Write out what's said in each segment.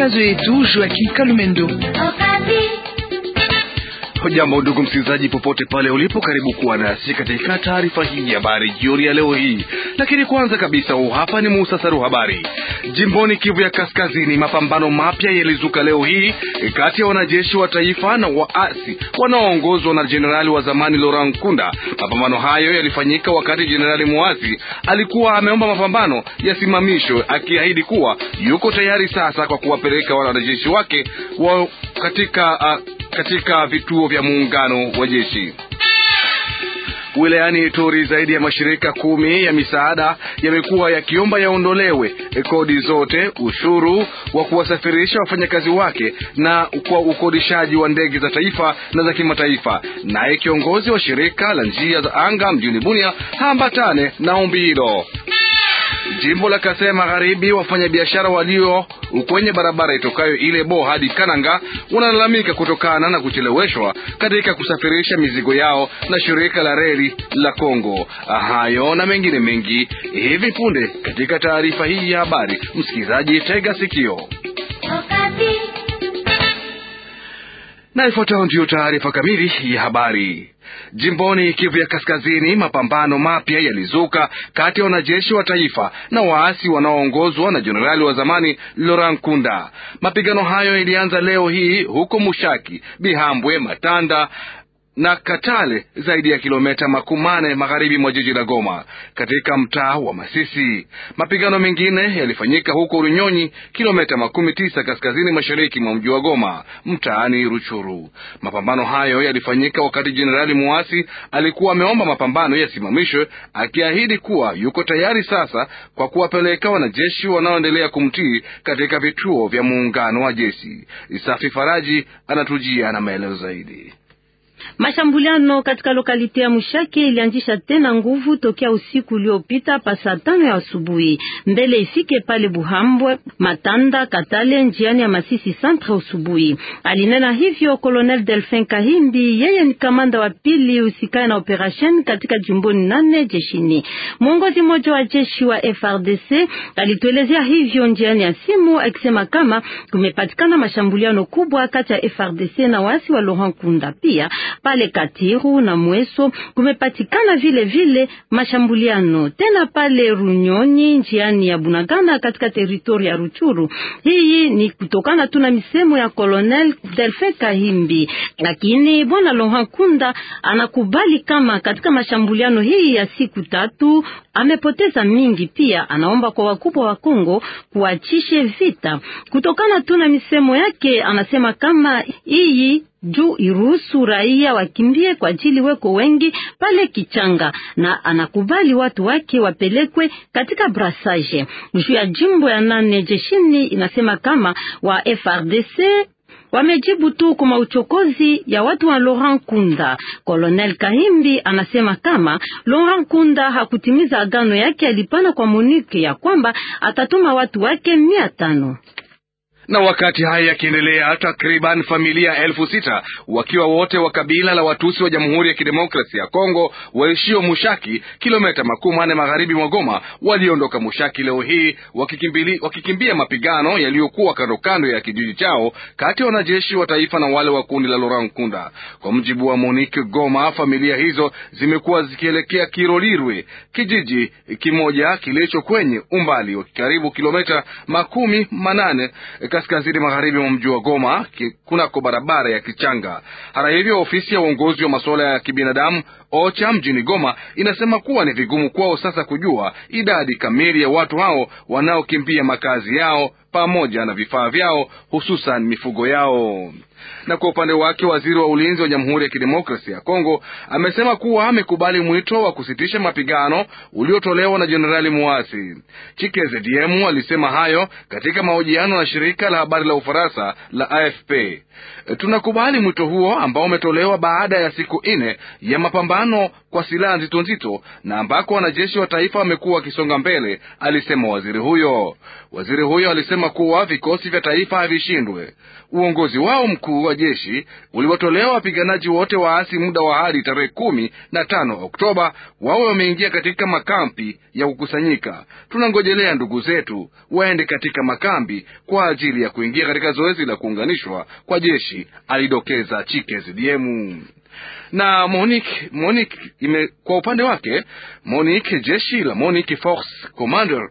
matangazo yetu Joaki Kalumendo. Hujambo ndugu msikilizaji, popote pale ulipo, karibu kuwa nasi katika taarifa hii ya habari jioni ya leo hii. Lakini kwanza kabisa, huu hapa ni muhtasari wa habari. Jimboni Kivu ya Kaskazini, mapambano mapya yalizuka leo hii kati ya wanajeshi wa taifa na waasi wanaoongozwa na jenerali wa zamani Laurent Nkunda. Mapambano hayo yalifanyika wakati jenerali mwasi alikuwa ameomba mapambano yasimamishwe, akiahidi kuwa yuko tayari sasa kwa kuwapeleka wanajeshi wake wa katika, uh, katika vituo vya muungano wa jeshi. Wilayani Ituri zaidi ya mashirika kumi ya misaada yamekuwa yakiomba yaondolewe kodi zote, ushuru wa kuwasafirisha wafanyakazi wake na kwa ukodishaji wa ndege za taifa na za kimataifa. Naye kiongozi wa shirika la njia za anga mjini Bunia haambatane na ombi hilo. Jimbo la Kasai Magharibi, wafanyabiashara walio kwenye barabara itokayo Ilebo hadi Kananga wanalalamika kutokana na kucheleweshwa katika kusafirisha mizigo yao na shirika la reli la Kongo. Hayo na mengine mengi hivi punde katika taarifa hii ya habari. Msikilizaji, tega sikio. Okay na ifuatayo ndiyo taarifa kamili ya habari. Jimboni Kivu ya Kaskazini, mapambano mapya yalizuka kati ya wanajeshi wa taifa na waasi wanaoongozwa na jenerali wa zamani Laurent Nkunda. Mapigano hayo yalianza leo hii huko Mushaki, Bihambwe, Matanda na Katale, zaidi ya kilomita makumane magharibi mwa jiji la Goma, katika mtaa wa Masisi. Mapigano mengine yalifanyika huko Runyonyi, kilomita makumi tisa kaskazini mashariki mwa mji wa Goma, mtaani Ruchuru. Mapambano hayo yalifanyika wakati jenerali muasi alikuwa ameomba mapambano yasimamishwe, akiahidi kuwa yuko tayari sasa kwa kuwapeleka wanajeshi wanaoendelea kumtii katika vituo vya muungano wa jeshi. Isafi Faraji anatujia na maelezo zaidi. Mashambuliano katika lokalite ya Mushake ilianzisha tena nguvu tokea usiku uliopita pa saa tano ya asubuhi mbele isike pale Buhambwe Matanda Katale njiani ya Masisi Centre asubuhi. Alinena hivyo Colonel Delphin Kahindi, yeye ni kamanda wa pili usikae na operation katika jimboni nane jeshini. Mwongozi mmoja wa jeshi wa FRDC alituelezea hivyo njiani ya simu akisema kama kumepatikana mashambuliano kubwa kati ya FRDC na wasi wa Laurent Kunda pia pale Katiru na Mweso kumepatikana vile vile mashambuliano tena pale Runyonyi njiani ya Bunagana katika teritori ya Ruchuru. Hii ni kutokana tu na misemo ya Colonel Delfe Kahimbi, lakini bwana Laurent Kunda anakubali kama katika mashambuliano hii ya siku tatu amepoteza mingi. Pia anaomba kwa wakubwa wa Kongo kuachishe vita. Kutokana tu na misemo yake, anasema kama hii juu iruhusu raia wakimbie kwa ajili weko wengi pale Kichanga, na anakubali watu wake wapelekwe katika Brassage. Juu ya jimbo ya nane jeshini inasema kama wa FRDC wamejibu tu kwa mauchokozi ya watu wa Laurent Kunda. Colonel Kahimbi anasema kama Laurent Kunda hakutimiza agano yake alipana kwa Monique ya kwamba atatuma watu wake mia tano. Na wakati haya yakiendelea, takriban familia elfu sita wakiwa wote wa kabila la Watusi wa Jamhuri ya Kidemokrasia ya Kongo waishio Mushaki, kilomita makumi manne magharibi mwa Goma, waliondoka Mushaki leo hii wakikimbia mapigano yaliyokuwa kando kando ya kijiji chao kati ya wanajeshi wa taifa na wale wa kundi la Laurent Nkunda. Kwa mjibu wa Monique Goma, familia hizo zimekuwa zikielekea Kirolirwe, kijiji kimoja kilicho kwenye umbali wa karibu kilomita makumi manane kaskazini magharibi mwa mji wa Goma kunako barabara ya Kichanga. Hata hivyo, ofisi ya uongozi wa masuala ya kibinadamu OCHA mjini Goma inasema kuwa ni vigumu kwao sasa kujua idadi kamili ya watu hao wanaokimbia makazi yao pamoja na vifaa vyao, hususan mifugo yao. Na kwa upande wake waziri wa ulinzi wa Jamhuri ya Kidemokrasia ya Kongo amesema kuwa amekubali mwito wa kusitisha mapigano uliotolewa na jenerali muasi. Chikzediem alisema hayo katika mahojiano na shirika la habari la Ufaransa la AFP. Tunakubali mwito huo ambao umetolewa baada ya siku nne ya mapambano kwa silaha nzito nzito na ambako wanajeshi wa taifa wamekuwa wakisonga mbele, alisema waziri huyo. Waziri huyo alisema kuwa vikosi vya taifa havishindwe uongozi wao mkuu mkuu wa jeshi uliwatolea wapiganaji wote waasi muda wa hadi tarehe kumi na tano Oktoba wawe wameingia katika makambi ya kukusanyika. Tunangojelea ndugu zetu waende katika makambi kwa ajili ya kuingia katika zoezi la kuunganishwa kwa jeshi, alidokeza Chike Zidiemu na Monik, Monik ime, kwa upande wake Monik, jeshi la Monik Force Commander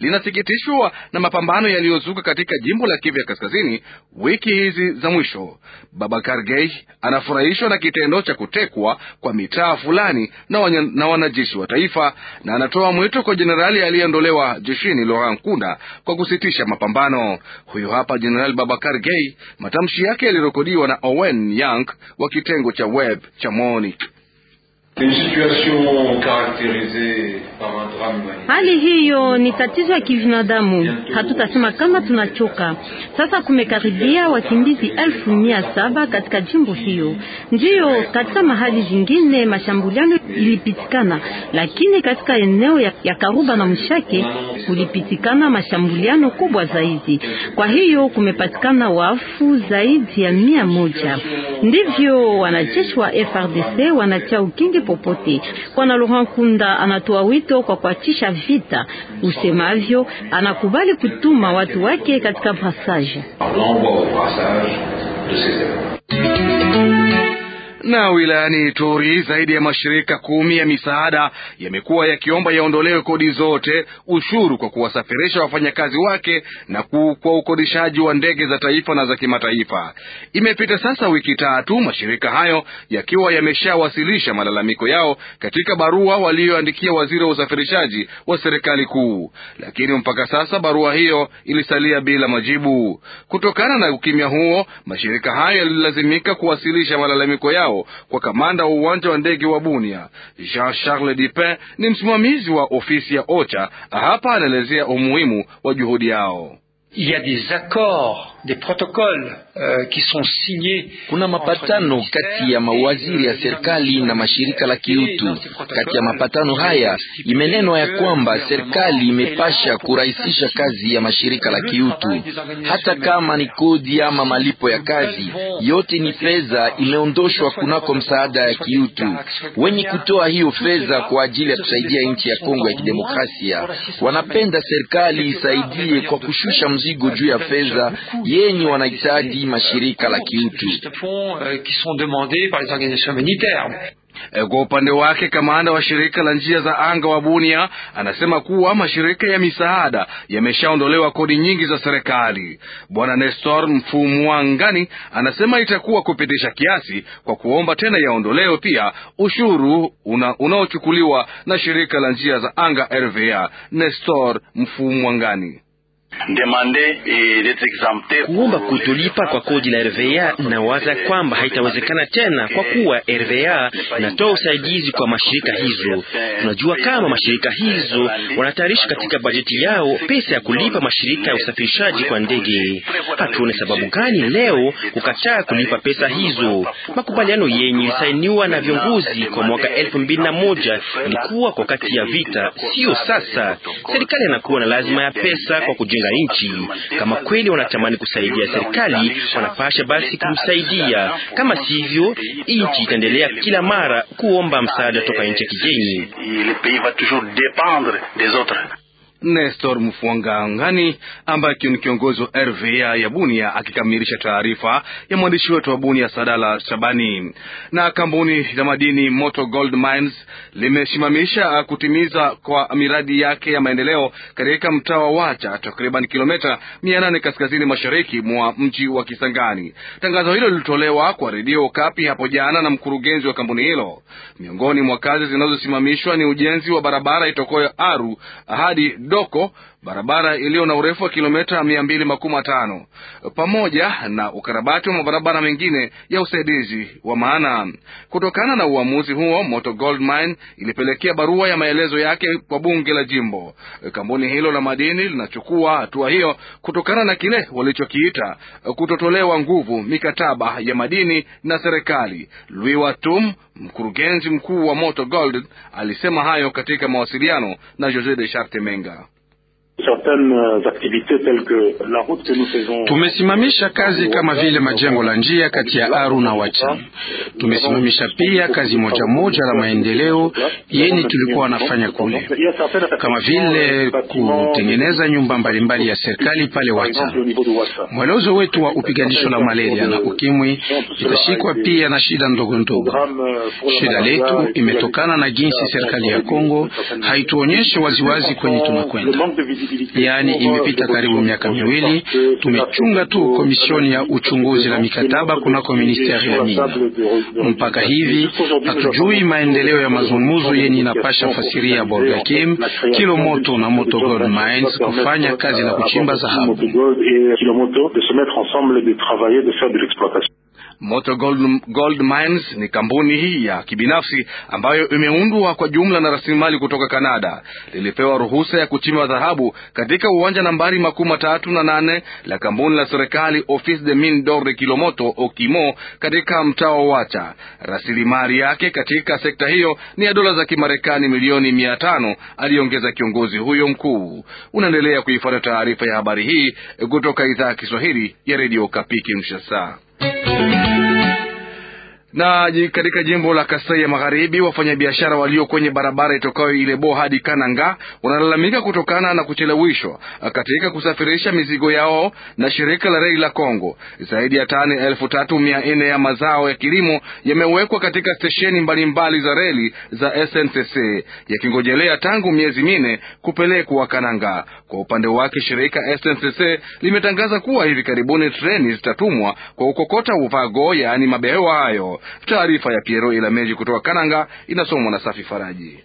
linasikitishwa na mapambano yaliyozuka katika jimbo la Kivu ya kaskazini wiki hizi za mwisho. Babakar Gay anafurahishwa na kitendo cha kutekwa kwa mitaa fulani na, wanya, na wanajeshi wa taifa na anatoa mwito kwa jenerali aliyeondolewa jeshini Laurent Nkunda kwa kusitisha mapambano. Huyo hapa Jenerali Babakar Gay, matamshi yake yalirekodiwa na Owen Young wa kitengo cha web cha Monique. Hali hiyo ni tatizo ya kibinadamu, hatutasema kama tunachoka. Sasa kumekaribia wakimbizi elfu mia saba katika jimbo hiyo. Ndiyo, katika mahali zingine mashambuliano ilipitikana, lakini katika eneo ya, ya Karuba na Mshake kulipitikana mashambuliano kubwa zaidi. Kwa hiyo kumepatikana wafu zaidi ya mia moja. Ndivyo wanajeshi wa FRDC wanatia ukingi popote. Kwana Laurent Kunda anatoa wito mwito kwa kuachisha vita usemavyo, anakubali kutuma watu wake katika Brazzaville. Na wilayani Ituri zaidi ya mashirika kumi ya misaada yamekuwa yakiomba yaondolewe kodi zote, ushuru kwa kuwasafirisha wafanyakazi wake na kwa ukodishaji wa ndege za taifa na za kimataifa. Imepita sasa wiki tatu mashirika hayo yakiwa yameshawasilisha malalamiko yao katika barua waliyoandikia waziri wa usafirishaji wa serikali kuu, lakini mpaka sasa barua hiyo ilisalia bila majibu. Kutokana na ukimya huo, mashirika hayo yalilazimika kuwasilisha malalamiko yao yao kwa kamanda wa uwanja wa ndege wa Bunia. Jean Charles Dupin ni msimamizi wa ofisi ya OCHA. Hapa anaelezea umuhimu wa juhudi yao. Il y a des accords Euh, Kuna mapatano kati ya mawaziri ya serikali na mashirika la kiutu. Kati ya mapatano euh, haya imenenwa ya kwamba serikali imepasha kurahisisha kazi ya mashirika la kiutu, hata kama ni kodi ama malipo ya kazi, yote ni fedha imeondoshwa kunako msaada ya kiutu. Wenye kutoa hiyo fedha kwa ajili ya kusaidia nchi ya Kongo ya Kidemokrasia wanapenda serikali isaidie kwa kushusha mzigo euh, juu ya fedha yenye wanahitaji mashirika la kiutu euh, eh, kwa upande wake kamanda wa shirika la njia za anga wa Bunia anasema kuwa mashirika ya misaada yameshaondolewa kodi nyingi za serikali. Bwana Nestor Mfumwangani anasema itakuwa kupitisha kiasi kwa kuomba tena yaondolewe pia ushuru unaochukuliwa una na shirika la njia za anga RVA. Nestor Mfumwangani kuomba kutolipa kwa kodi la RVA na waza kwamba haitawezekana tena, kwa kuwa RVA inatoa usaidizi kwa mashirika hizo. Tunajua kama mashirika hizo wanatayarishi katika bajeti yao pesa ya kulipa mashirika ya usafirishaji kwa ndege. Hatuone sababu gani leo kukataa kulipa pesa hizo. Makubaliano yenye ilisainiwa na viongozi kwa mwaka elfu mbili na moja ilikuwa kwa kati ya vita, sio sasa. Serikali inakuwa na lazima ya pesa kwa kujenga kujenga nchi. Kama kweli wanatamani kusaidia serikali, wanapasha basi kumsaidia, kama sivyo, nchi itaendelea kila mara kuomba msaada toka nchi ya kigeni. Nestor Mfuangangani ambaye ni kiongozi wa RVA ya Bunia, akikamilisha taarifa ya mwandishi wetu wa Bunia Sadala Shabani. Na kampuni la madini Moto Gold Mines limesimamisha kutimiza kwa miradi yake ya maendeleo katika mtaa wa Wacha, takriban kilomita 800 kaskazini mashariki mwa mji wa Kisangani. Tangazo hilo lilitolewa kwa redio Kapi hapo jana na mkurugenzi wa kampuni hilo. Miongoni mwa kazi zinazosimamishwa ni ujenzi wa barabara itokoyo Aru hadi doko barabara iliyo na urefu wa kilomita mia mbili makumi matano pamoja na ukarabati wa mabarabara mengine ya usaidizi wa maana. Kutokana na uamuzi huo, Moto Gold Mine ilipelekea barua ya maelezo yake kwa bunge la jimbo. Kampuni hilo la madini linachukua hatua hiyo kutokana na kile walichokiita kutotolewa nguvu mikataba ya madini na serikali. Louis Watum, mkurugenzi mkuu wa Moto Gold, alisema hayo katika mawasiliano na Jose de Charte Menga. Euh, Tumesimamisha kazi kama vile majengo la njia kati ya Aru na Wacha. Tumesimamisha pia kazi moja moja la maendeleo yenye tulikuwa nafanya kule, kama vile kutengeneza nyumba mbalimbali ya serikali pale Wacha. Mwelezo wetu wa upiganisho la malaria na ukimwi itashikwa pia na shida ndogo ndogo. Shida letu imetokana na jinsi serikali ya Kongo haituonyeshi waziwazi kwenye tunakwenda yaani imepita karibu miaka miwili. Tumechunga tu komisioni ya uchunguzi la mikataba kunako ministeri ya mina. Mpaka hivi hatujui maendeleo ya mazungumzo yenye inapasha fasiria Borgakem, Kilo Moto na Moto Gold Mines kufanya kazi na kuchimba dhahabu. Moto Gold, Gold Mines ni kampuni hii ya kibinafsi ambayo imeundwa kwa jumla na rasilimali kutoka Kanada. Lilipewa ruhusa ya kuchimba dhahabu katika uwanja nambari makumi matatu na nane la kampuni la serikali Office de Mines d'Or de Kilomoto Okimo katika mtaa wa Wacha. Rasilimali yake katika sekta hiyo ni ya dola za Kimarekani milioni mia tano, aliongeza kiongozi huyo mkuu. Unaendelea kuifuata taarifa ya habari hii kutoka idhaa ya Kiswahili ya redio Kapiki Mshasa. Na katika jimbo la Kasai ya Magharibi, wafanyabiashara walio kwenye barabara itokayo Ilebo hadi Kananga wanalalamika kutokana na kuchelewishwa uh, katika kusafirisha mizigo yao na shirika la reli la Kongo. Zaidi ya tani elfu tatu mia nne ya mazao ya kilimo yamewekwa katika stesheni mbalimbali za reli za SNCC yakingojelea tangu miezi minne kupelekwa Kananga. Kwa upande wake, shirika SNCC limetangaza kuwa hivi karibuni treni zitatumwa kwa ukokota uvago, yaani mabehewa hayo. Taarifa ya Piero Elameji kutoka Kananga inasomwa na Safi Faraji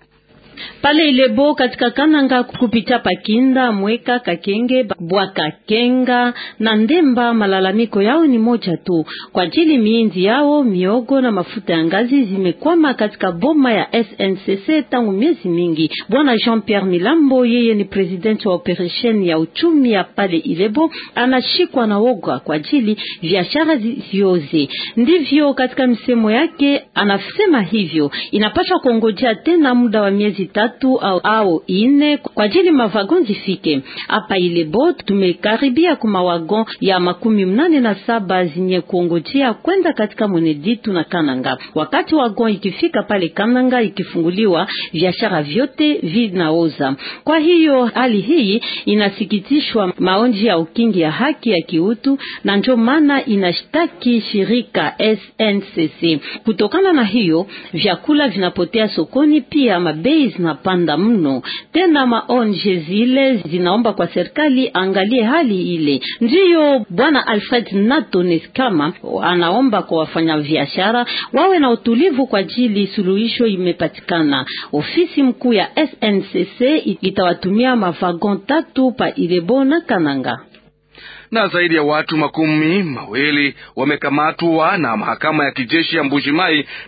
pale Ilebo katika Kananga kupita Pakinda, Mweka, Kakenge, Bwakakenga na Ndemba. Malalamiko yao ni moja tu kwa ajili miindi yao, miogo na mafuta ya ngazi zimekwama katika boma ya SNCC tangu miezi mingi. Bwana Jean Pierre Milambo, yeye ni president wa operation ya uchumi ya pale Ilebo, anashikwa na woga kwa ajili biashara zioze. Ndivyo katika msemo yake anasema hivyo, inapaswa kuongojea tena muda wa miezi miezi tatu au, au ine kwa ajili mavagon zifike hapa. Ile bot tumekaribia kwa mawagon ya makumi mnane na saba zinye kuongojea kwenda katika Mweneditu na Kananga. Wakati wagon ikifika pale Kananga ikifunguliwa, biashara vyote vinaoza. Kwa hiyo hali hii inasikitishwa maonji ya ukingi ya haki ya kiutu, na ndio maana inashtaki shirika SNCC. Kutokana na hiyo vyakula vinapotea sokoni, pia mabei zinapanda mno. Tena maonje zile zinaomba kwa serikali angalie hali ile. Ndiyo bwana Alfred Natones kama anaomba kwa wafanyabiashara wawe na utulivu kwa ajili suluhisho imepatikana. Ofisi mkuu ya SNCC itawatumia mavagon tatu pa Irebo na Kananga na zaidi ya watu makumi mawili wamekamatwa na mahakama ya kijeshi ya mbuji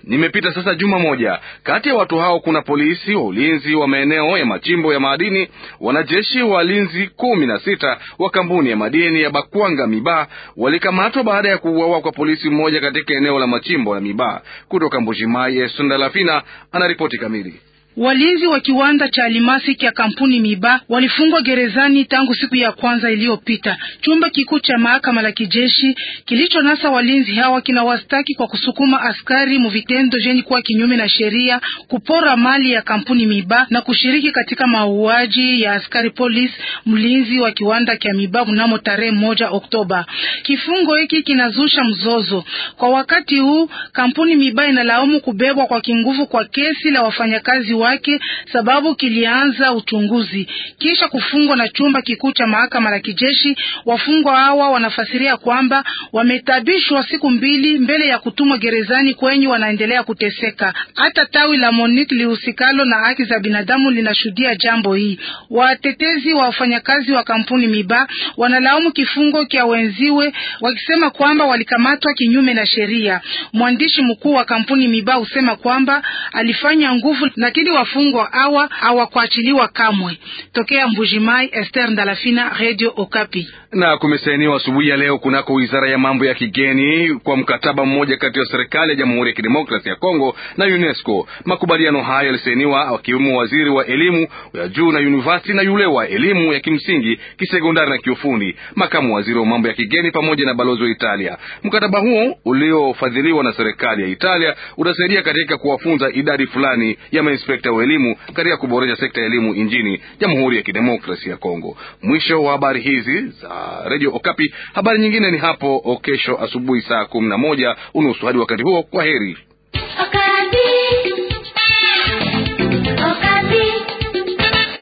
Nimepita sasa juma moja. Kati ya watu hao kuna polisi wa ulinzi wa maeneo ya machimbo ya madini, wanajeshi walinzi kumi na sita wa kampuni ya madini ya Bakwanga Miba walikamatwa baada ya kuuawa kwa polisi mmoja katika eneo la machimbo la Miba kutoka mbujimai Sundalafina anaripoti kamili. Walinzi wa kiwanda cha alimasi cha kampuni Miba walifungwa gerezani tangu siku ya kwanza iliyopita. Chumba kikuu cha mahakama la kijeshi kilichonasa walinzi hawa kinawastaki kwa kusukuma askari muvitendo vyeni kuwa kinyume na sheria, kupora mali ya kampuni Miba na kushiriki katika mauaji ya askari polisi mlinzi wa kiwanda cha Miba mnamo tarehe moja Oktoba. Kifungo hiki kinazusha mzozo kwa wakati huu. Kampuni Miba inalaumu kubebwa kwa kinguvu kwa kesi la wafanyakazi wa wake sababu kilianza uchunguzi kisha kufungwa na chumba kikuu cha mahakama la kijeshi. Wafungwa hawa wanafasiria kwamba wametabishwa siku mbili mbele ya kutumwa gerezani kwenye wanaendelea kuteseka. Hata tawi la Monique lihusikalo na haki za binadamu linashuhudia jambo hii. Watetezi wa wafanyakazi wa kampuni Miba wanalaumu kifungo kya wenziwe wakisema kwamba walikamatwa kinyume na sheria. Mwandishi mkuu wa kampuni Miba husema kwamba alifanya nguvu lakini wafungwa awa hawakuachiliwa kamwe. Tokea Mbujimai, Esther Ndalafina, Radio Okapi. Na kumesainiwa asubuhi ya leo kunako wizara ya mambo ya kigeni kwa mkataba mmoja kati ya serikali ya Jamhuri ya Kidemokrasia ya Kongo na UNESCO. Makubaliano hayo yalisainiwa wakiwemo waziri wa elimu ya juu na university na yule wa elimu ya kimsingi, kisekondari na kiufundi, makamu waziri wa mambo ya kigeni pamoja na balozi wa Italia. Mkataba huo uliofadhiliwa na serikali ya Italia utasaidia katika kuwafunza idadi fulani ya mainspekta sekta ya elimu katika kuboresha sekta ya elimu nchini Jamhuri ya Kidemokrasia ya Kongo. Mwisho wa habari hizi za Radio Okapi. Habari nyingine ni hapo kesho asubuhi saa kumi na moja unusu. Hadi wakati huo, kwa heri.